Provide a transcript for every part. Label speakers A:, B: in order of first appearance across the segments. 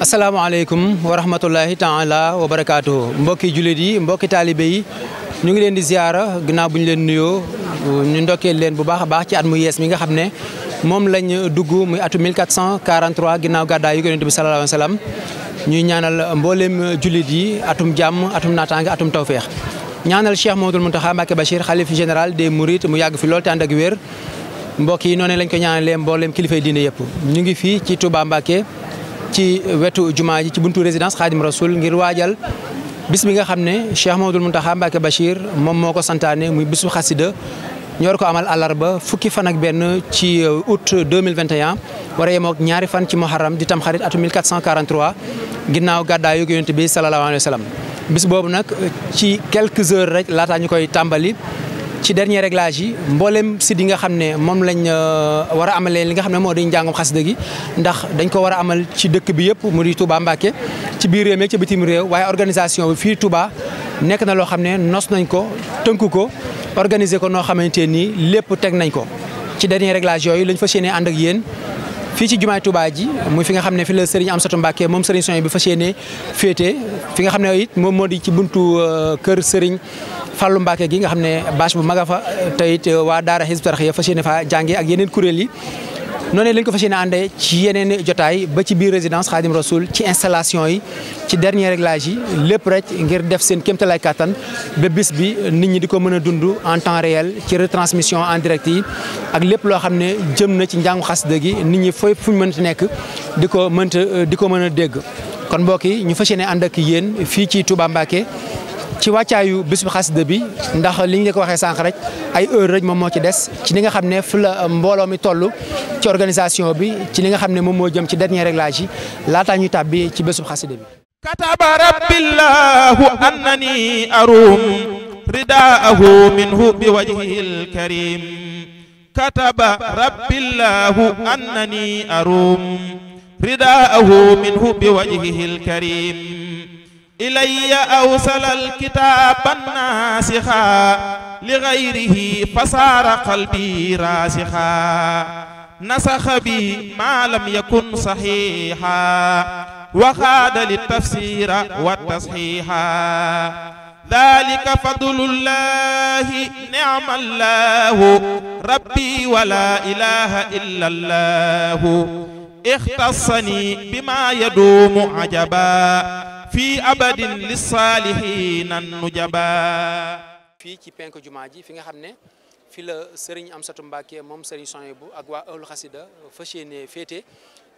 A: asalaamaaleykum wa rahmatullahi taala wa barakaatu mbokki jullit yi mbokki taalibe yi ñu ngi leen di ziara ginnaaw bu ñu leen nuyoo ñu ndokkeel leen bu baax a baax ci at mu yees mi nga xam ne moom lañ dugg muy atu 1443 ginnaaw gàddaay yu yonent bi sallallahu alayhi wa sallam ñuy ñaanal mbooleem jullit yi atum jàmm atum naataange atum tawféex ñaanal Cheikh Mamadou Mountakha Mbacké Bachir xalif général des Mourides mu yàgg fi lool te ànd ak wér mbokk yi noonu lañ ko ñaanalee mbooleem kilifa diine yëpp ñu ngi fii ci Touba ci wetu jumaa ji ci buntu résidence Khadim Rasoul ngir waajal bis bi nga xam ne Cheikh mun Mountakha Mbacké Bachir moom moo ko santaane muy bisu xasida ñor ko amal àllarba fukki fan ak benn ci euh, août 2021 war a yemook ñaari fan ci muharram di tam xarit atu 1443 ginnaaw gàddaayu yonent bi sallallahu alayhi wa sallam bis boobu nag ci quelques heures rek laataa ñu koy tàmbali ci dernier réglage yi mboolem site yi nga xam ne moom lañ euh, war a amalee li nga xam ne moo di njàngum xasida gi ndax dañ ko war a amal ci dëkk bi yëpp mu di Touba Mbacké ci biir réew mi ci bitim réew waaye organisation bi fii Touba nekk na loo xam ne nos nañ ko tënk ko organiser ko noo xamante nii lépp teg nañ ko ci dernier réglage yooyu lañ fa yéene ànd ak yéen fii ci jumaay Touba ji muy fi nga xam ne fi la Serigne Amsatou Mbacké moom Serigne Sonia bi fas yéene féete fi nga xam ne moom moo di ci buntu euh, kër Serigne fallu Mbacké gi nga xam ne bâche bu mag a fa te it euh, waa Daara Hizbut Tarqiyyah fas yéene fa jàngee ak yeneen kuréel yi. noonu lañ ko fas yéene àndee ci yeneen jotaay ba ci biir résidence Khadim Rasoul ci installation yi ci dernier réglage yi lépp rek ngir def seen kéemtalaay kàttan ba bis bi nit ñi di ko mën a dund en temps réel ci retransmission en direct yi ak lépp loo xam ne jëm na ci xas xasida gi nit ñi fooy fu ñu mënta nekk di ko mënta di ko mën a dégg kon mbokk yi ñu fas yéene ànd ak yéen fii ci Touba Mbacké ci wàccaayu bés xasida bi ndax li ñu la ko waxee sànq rek ay heure rek moom moo ci des ci li nga xam ne fu la mbooloo mi toll ci organisation bi ci li nga xam ne moom moo jëm ci dernier réglage yi laataa ñuy tàbbi ci bés bu xasida bi ci
B: rabbillahu annani bi wajhihil karim kataba rabbillahu annani arum ridaahu minhu bi wajhihil karim إلي أوصل الكتاب الناسخا لغيره فصار قلبي راسخا نسخ بي ما لم يكن صحيحا وخاد للتفسير والتصحيح ذلك فضل الله نعم الله ربي ولا إله إلا الله اختصني بما يدوم عجبا fii abadin lissaalihiina nujaba
A: fii ci penk jumaa ji fi nga xam ne fi la Serigne Amsatou Mbacké moom Serigne Souhaïbou bu ak waa Ahlu Xasida fas yéene féete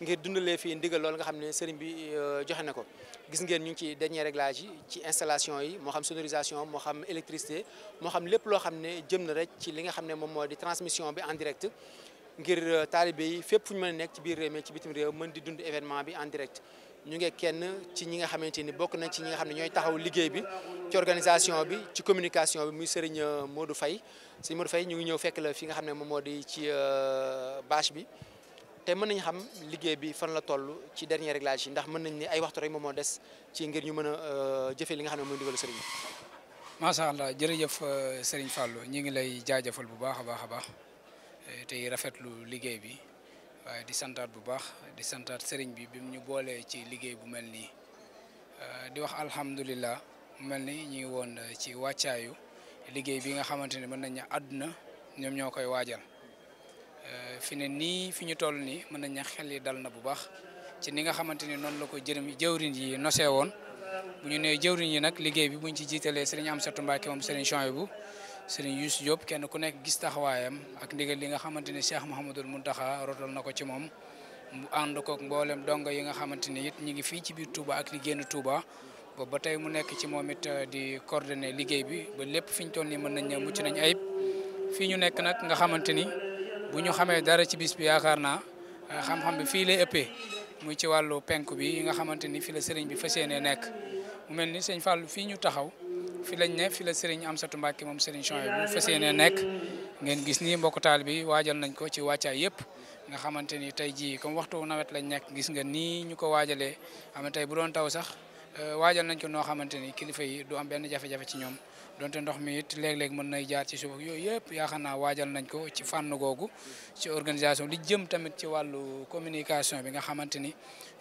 A: ngir dundalee fii ndigal loolu nga xam ne Serigne bi euh, joxe na ko gis ngeen ñu ngi ci dernier réglage yi ci installation yi moo xam sonorisation moo xam électricité moo xam lépp loo xam ne jëm na rek ci li nga xam ne moom mooy di transmission bi en direct ngir euh, taalibe yi fépp fu ñu mën a nekk ci biir réew mi ci bitim réew mën di dund événement bi en direct ñu ngi kenn ci ñi nga xamante ni bokk nañ ci ñi nga xam ne ñooy taxaw liggéey bi ci organisation bi ci communication bi muy Serigne euh, Modou Faye Serigne Modou Faye ñu ngi ñëw fekk la fi nga xam ne moom moo di ci euh, bâche bi te mën nañu xam liggéey bi fan la toll ci dernier réglage yi ndax mën nañ ni ay waxtu rek moom moo des ci ngir ñu mën a euh,
C: jëfe li nga xam ne mooy ndigalu Serigne bi. macha allah jërëjëf Serigne Fallou ñu ngi lay jaajëfal bu baax a baax a baax tey rafetlu liggéey bi. waaye di santaat bu baax di santaat sëriñ bi bim ñu boolee ci liggéey bu mel nii euh, di wax alhamdulilah mel ni ñu ngi woon euh, ci wàccaayu liggéey bi nga xamante ne mën nañ àdduna ñoom ñoo koy waajal euh, fi ne nii fi ñu toll nii mën nañ ne xel yi dal na bu baax ci ni nga xamante ni noonu la ko jërëm jëwriñ yi nosee woon bu ñu nee jëwriñ yi nag liggéey bi buñ ci jiitalee sëriñ Amsatou Mbacke moom sëriñ Chouaïbou bu sëriñ Youssou Diop kenn ku nekk gis taxawaayam ak ndigal li nga xamante ni Cheikh Mouhamadul Mountakha rotal na ko ci moom mu ànd koog mboolem dongo yi nga xamante ni it ñu ngi fii ci biir Touba ak li génn Touba ba tey mu nekk ci moom it uh, di coordonné liggéey bi ba lépp fi ñu toll nii mën nañ ne mucc nañ ayib fii ñu nekk nag nga xamante ni bu ñu xamee dara ci bis bi yaakaar naa uh, xam-xam bi fii lay ëppee muy ci wàllu penk bi yi nga xamante ni fii la sëriñ bi fas yéenee nekk mu mel ni sëñ Fallou fii ñu taxaw. fi lañ ne fi la Serigne Amsatou Mbacke moom Serigne Chouaïbou bu fas yéene nekk ngeen gis nii mbokk taal bi waajal nañ ko ci wàccaay yëpp nga xamante ni tey jii comme waxtu nawet lañ nekk gis nga nii ñu ko waajalee am tey bu doon taw sax euh, waajal nañ ko noo xamante ni kilifa yi du am benn jafe-jafe ci ñoom donte ndox mi it léeg-léeg mën nay jaar ci suuf yooyu yëpp yaakaar naa waajal nañ ko ci fànn googu ci organisation li jëm tamit ci wàllu communication bi nga xamante ni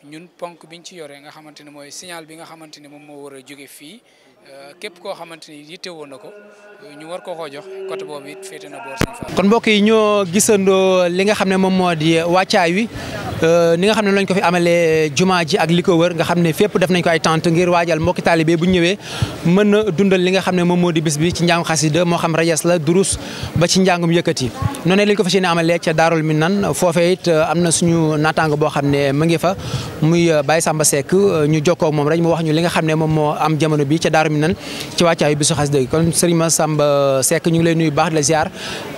C: ñun ponk biñ ci yore nga xamante ni mooy signal bi nga xamante ni moom moo war a jóge fii Euh, képp koo xamante ni yittewoo na ko ñu war ko koo jox côté boobu it féete na boor
A: kon mbokk yi ñoo gisandoo li nga xam ne moom moo di wàccaay wi Euh, ni nga xam ne lañ ko fi amalee euh, juma ji ak li ko wër nga xam ne fépp def nañ ko ay tente ngir waajal mbokki taalibe bu ñu ñëwee mën na dundal li nga xam ne moom moo di bis bi ci njàngum xasida moo xam rajas la durus ba ci njàngum yëkkati noonu lañ ko fas yéene amalee ca Daarul Minan foofee it euh, am na suñu boo xam ne mu ngi fa muy Baye Samba Seck ñu jokkoo ak moom rek mu wax ñu li nga xam ne moom moo am jamono bi ca Daarul Minan ci wàccaayu bisu xasida gi kon Serigne Ma Samba Seck ñu ngi lay nuyu baax la ziar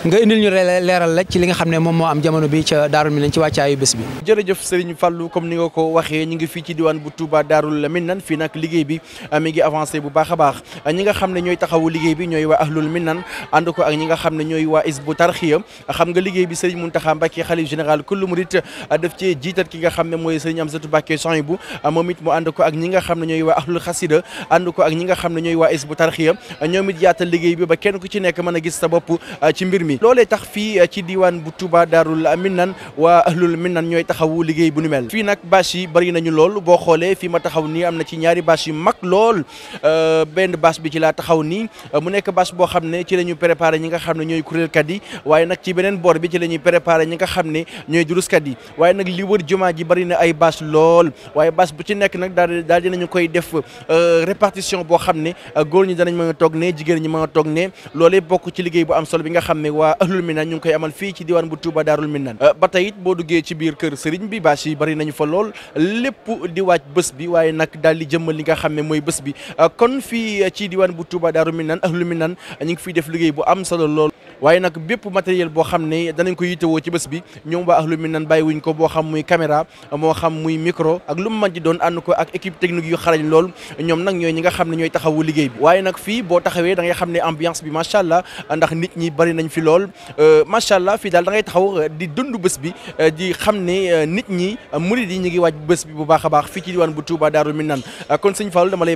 A: nga indil ñu leeral rek ci li nga xam ne moom moo am jamono bi ca Daarul Minan ci wàccaayu bis bi
D: jërëjëf Serigne Fallou comme ni nga ko waxee ñu ngi fii ci diwaan bu Touba Daarul Minnan fii nag liggéey bi ah, mi ngi avancé bu baax a baax ah, nga xam ne ñooy taxawu liggéey bi ñooy waa Ahlul Minnan ànd ko ak ñi nga xam ne ñooy waa Isbu Tarxiya ah, xam nga liggéey bi mun Mountakha Mbacké xalif général kullu murit daf ci jiitat ki nga xam ne mooy Serigne Amsatou Mbacké Souhaïbou moom it mu ànd ko ak ñi nga xam ne ñooy waa Ahlul Xasida nga xam ne ñooy wa Isbu Tarxiya ñoom it yaatal liggéey bi ba kenn ku ci nekk mën a gis sa bopp ci mbir mi loolee tax fii ci diwaan bu Touba Daarul Minnan waa Ahlul Minnan ñooy taxaw taxawu liggéey bu nu mel fii nag bâche yi nañu lool boo xoolee fii ma taxaw nii am na ci ñaari bâche yu mag lool euh, benn bâche bi ci laa taxaw nii euh, mu nekk bâche boo xam ne ci la ñu préparé ñi nga xam ne ñooy kuréelkat yi waaye nag ci beneen boor bi ci la ñuy ñi nga xam ne ñooy duruskat yi waaye nag li ji bëri na ay bâche lool waaye bâche bu ci nekk nag daal daal dinañu koy def euh, répartition boo xam ne góor ñi danañ mën a toog ne jigéen ñi mën a toog ne loolee bokk ci liggéey bu am solo bi nga xam ne waa ahlul minan ñu ngi koy amal fii ci diwaan bu Touba Daarul Minan ba tey it boo duggee ci biir kër sëriñ bi bâche yi bari nañu fa lool lépp di waaj bés bi waaye nag daal di jëmmal li nga xam ne mooy bés bi kon fii ci diwaan bu Touba mi nan ak lu Minane ñu ngi fiy def liggéey bu am solo lool. waaye nag bépp matériel boo xam ne danañ ko woo ci bés bi ñoom waa Ahlul Minan bàyyi wuñ ko boo xam muy caméra moo xam muy micro ak lu mu mën di doon ànd ko ak équipe technique yu xarañ lool ñoom nag ñooy ñi nga xam ne ñooy taxawu liggéey bi waaye nag fii boo taxawee da ngay xam ne ambiance bi macha allah ndax nit ñi bari nañ fi lool euh, macha allah fii daal da ngay taxaw euh, di dund bés bi euh, di xam ne nit ñi murid yi ñu ngi waaj bés bu baax a baax fi ci diwaan bu Touba Darou Minane kon sëñ Fallou dama lay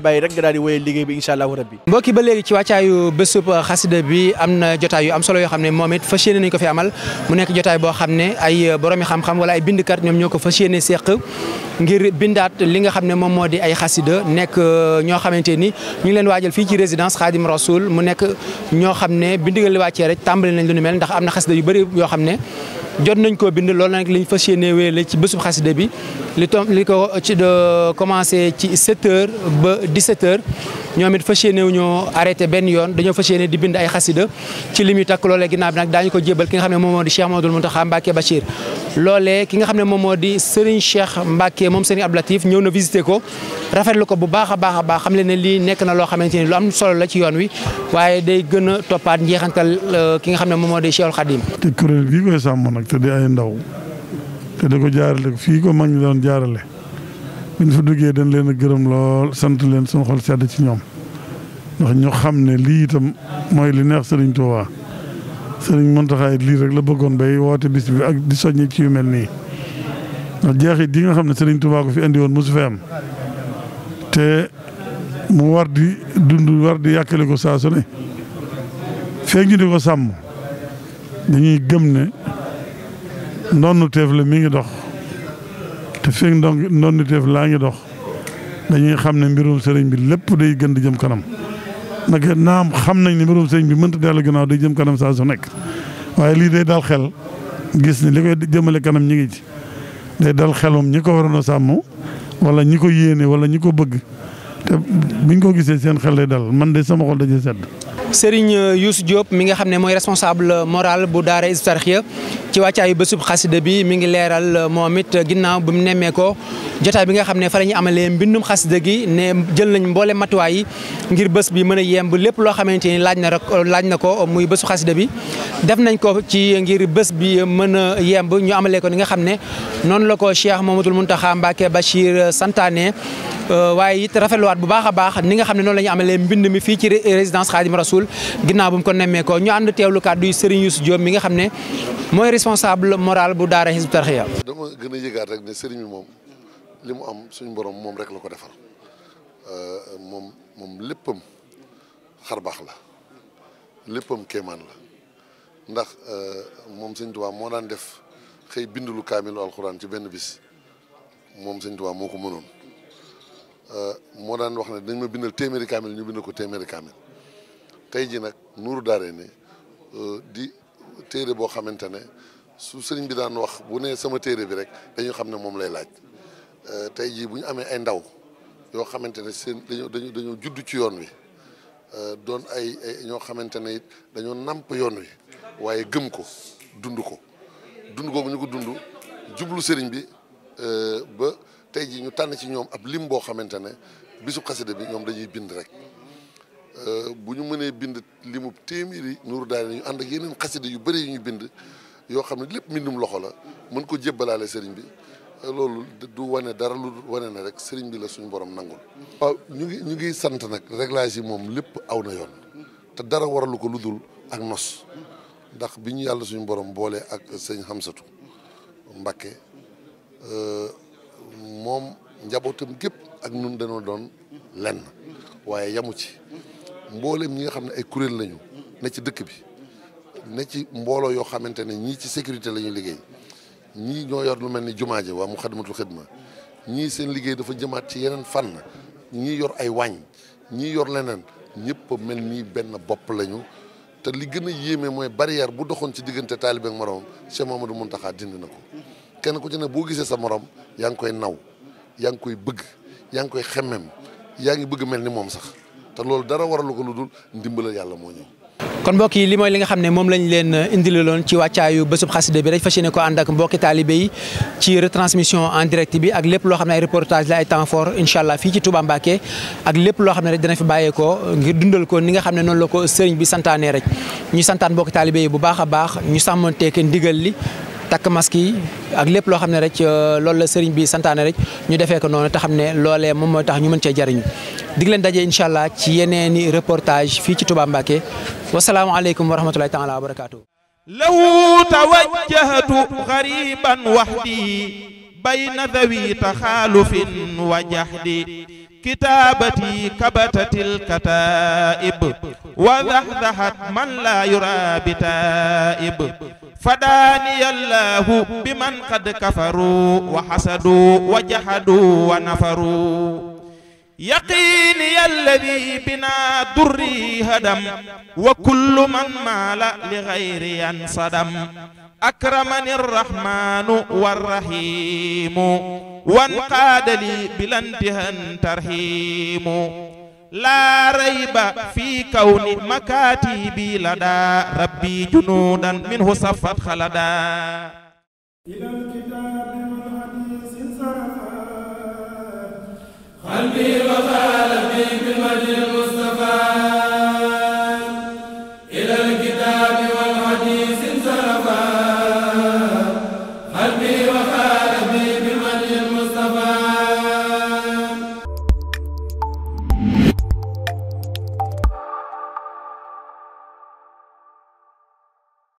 D: liggéey bi incha allahu
A: bi am na jotaay yu solo yoo xam ne moom it fas yéene nañu ko fi amal mu nekk jotaay boo xam ne ay euh, boromi xam-xam wala ay bindkat ñoom ñoo ko fas yéene seq ngir bindaat li nga xam ne moom moo di ay xasida nekk euh, ñoo xamante ni ñu ngi leen waajal fii ci résidence Khadim Rasoul mu nekk ñoo xam ne bi ndigal li wàccee rek tàmbali nañ lu nu mel ndax am na xasida yu bëri yoo xam ne jot nañ koo bind lool nag li ñu fas yéene ci bésub xasida bi li tom li ko ci de commencé ci 7h ba 17h ñoom it fas yéene wu ñoo benn yoon dañoo fas di bind ay xasida ci li muy takk loolee ginnaaw bi nag daañu ko jébal ki nga xam ne moom moo di Cheikh Mamadou Mountakha Mbacké Bachir loolee ki nga xam ne moom moo di Serigne Cheikh Mbacke moom Serigne Abdou Latif ñëw na visité ko rafetlu ko bu baax a baax a baax xam leen ne lii nekk na loo xamante ni lu am la ci yoon wi waaye day gën a toppaat njeexantal euh, ki nga xam ne moo di Cheikhul Khadim.
E: te kuréel gii koy sàmm nag te di ay ndaw te da ko jaarale fii ko mag ñi doon jaarale buñ fa duggee dañ leen a gërëm lool sant leen suñu sedd ci ñoom ndax ñu xam ne lii itam mooy li neex Serigne Touba. sëriñ Mountakha lii rek la bëggoon bay woote bis bi ak di soññi ci yu mel nii ndax jeexit yi xam ne sëriñ Touba ko fi andi woon mosu fee am te mu war di dund war di yàkkale ko saa ne feeg ñu di ko sàmm dañuy gëm ne ndonnu teef la mi ngi dox te feeg ndonnu teef laa ngi dox dañuy xam ne mbirum sëriñ bi lépp day gën di jëm kanam nag naam xam nañ ni mbirum sëñ bi mënta dellu gannaaw day jëm kanam saa su nekk waaye lii day dal xel gis ni li koy jëmale kanam ñi ngi ci day dal xelum ñi ko waroon a sàmm wala ñi ko yéene wala ñi ko bëgg te buñ ko gisee seen xel day dal man de sama xol daje sedd
A: seriñ euh, Youssou Diop mi nga xam ne mooy responsable euh, moral bu daara Hizbut Tarqiyyah ci wàccaayu bésub xasida bi mi ngi leeral euh, moom it ginnaaw bu mu nemmee ko jotaay bi nga xam ne fa la ñu amalee mbindum xasida gi ne jël nañ mboole matuwaay yi ngir bés bi mën a yemb lépp loo xamante ni laaj na rek laaj na ko muy bésu xasida bi def nañ ko ci ngir bés bi mën a yemb ñu amalee ni nga xam ne noonu la ko Cheikh Mamadou Mountakha Mbacké Bachir santaane waaye it rafetluwaat bu baax a baax ni xam ne noonu la ñu amalee mbind mi fii ci résidence Khadim Rasoul ginnaaw bu mu ko nemmeekoo ñu ànd teewlu kàddu yi Serigne Youssou Diop bi nga xam ne mooy responsable moral bu daara Hizbut Tarqiyyah
F: dama gën a yëgaat rek ne Serigne bi moom li mu am suñ borom moom rek la ko defal euh, moom moom léppam xar baax la léppam kéemaan la ndax euh, moom sëñ Tuubaa moo daan def xëy bind lu kaamilu alxuraan ci benn bis moom sëñ Tuubaa moo ko mënoon euh, moo daan wax ne dañ ma bindal téeméeri kaamil ñu bind ko téeméeri kaamil tey ji nag nuuru daare ni euh, di téere boo xamante ne su sëriñ bi daan wax bu ne sama téere bi rek dañu xam ne moom lay laaj euh, tey jii bu ñu amee ay ndaw yoo xamante ne seen dañoo dañoo ci yoon wi euh, doon ay ay ñoo xamante ne it dañoo nàmp yoon wi waaye gëm ko dund ko dund googu ñu ko dund jublu sëriñ bi ba tey jii ñu tànn ci ñoom ab lim boo xamante ne bisu xasida bi ñoom dañuy bind rek Euh, bu ñu mënee bind li mu téeméeri nuuru daane ñu ànd ak yeneen xasida yu bari yu ñu bind yoo xam ne lépp mbindum loxo la mën ko jébbalaale sëriñ bi euh, loolu du wane dara lu wane na rek sëriñ bi la suñu borom nangul waaw ñu ngi ñu ngi sant nag réglage si moom lépp aw na yoon te dara waralu ko lu dul ak nos ndax bi ñu yàlla suñ borom boole ak sëñ Hamsatu Mbakke euh, moom njabootam gépp ak nun dañoo doon lenn waaye yamu ci mbooleem ñi nga xam ne ay kuréel lañu ne ci dëkk bi ne ci mbooloo yoo xamante ne ñii ci sécurité la ñuy liggéey ñii ñoo yor lu mel ni jumaa ji waa mu xadamatul xidma ñii seen liggéey dafa jëmaat ci yeneen fànn ñii yor ay wàññ ñii yor leneen ñëpp a mel nii benn bopp lañu te li gën a yéeme mooy barrière bu doxoon ci diggante taalibe ak moroom Cheikh mun Mountakha dindi na ko kenn ku ci ne boo gisee sa moroom yaa ngi koy naw yaa ngi koy bëgg yaa ngi koy xemmem yaa ngi bëgg mel ni moom sax te loolu dara waralu ko lu dul ndimbalal yàlla moo ñëw.
A: kon mbokk yi li mooy li nga xam ne moom lañ leen uh, indiloon ci wàccaayu bésub xasida bi rek fas yéene ko ànd ak mbokki taalibe yi ci retransmission en direct bi ak lépp loo xam ne ay reportage la ay temps fort incha allah fii ci Touba Mbacké ak lépp loo xam ne rek dana fi bàyyeekoo ngir dundal ko ni nga xam ne noonu la ko sëriñ bi santaanee rek ñu santaan mbokki taalibe yi bu baax a baax ñu sàmmanteeg ndigal li takk maski ak lépp loo xam ne rek euh, loolu la sëriñ bi santaane rek ñu defee ko noonu te xam ne loolee moom mooy tax ñu mën cee jariñu dig leen daje incha ci yeneeni reportage fii ci Touba Mbacké wasalaamualeykum wa rahmatulahi taala wa barakaatu.
B: law tawajjahtu xariban waxdi bayna dawi taxaalufin wa jahdi kitaabati kabatatil kataa'ib wa dahdahat man laa yuraa bi taa'ib فداني الله بمن قد كفروا وحسدوا وجحدوا ونفروا يقيني الذي بنا دري هدم وكل من مال لغيري انصدم أكرمني الرحمن والرحيم وانقاد لي بلا انتهى ترحيم laa rayba fi kawni makaatibi ladaa rabbi junuudan minhu safat xaladaa ilal
D: kitaabi wal hadiisi
C: sarafaa